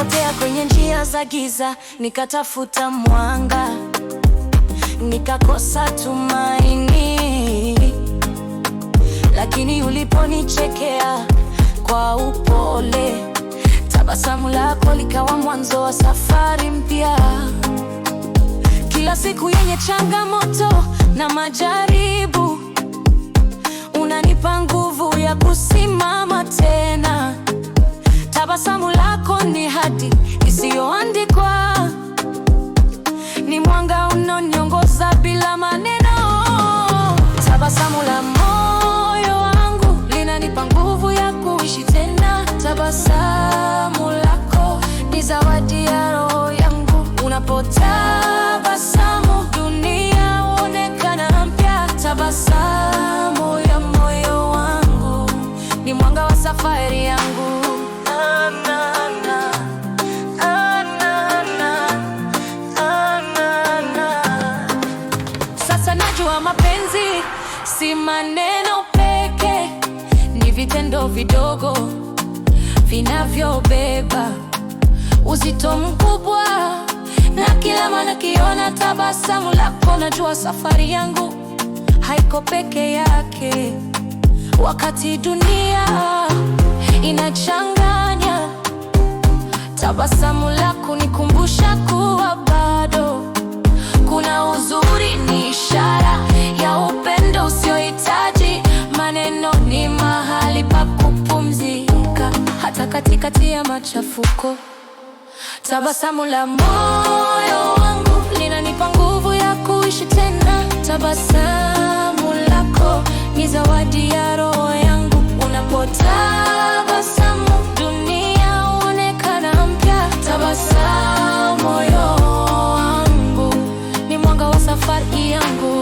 Nilipotea kwenye njia za giza, nikatafuta mwanga, nikakosa tumaini, lakini uliponichekea kwa upole, tabasamu lako likawa mwanzo wa safari mpya. Kila siku yenye changamoto na majaribu unanipa nguvu ya Unapotabasamu dunia huonekana mpya. Tabasamu ya moyo wangu ni mwanga wa safari yangu. Sasa najua mapenzi si maneno peke, ni vitendo vidogo vinavyobeba uzito mkubwa na kila mana kiona tabasamu lako, najua safari yangu haiko peke yake. Wakati dunia inachanganya, tabasamu lako nikumbusha kuwa bado kuna uzuri, ni ishara ya upendo usiohitaji maneno, ni mahali pa kupumzika hata katikati ya machafuko. Tabasamu la moyo wangu linanipa nguvu ya kuishi tena. Tabasamu lako ni zawadi ya roho yangu. Unapotabasamu dunia huonekana mpya. Tabasamu moyo wangu ni mwanga wa safari yangu.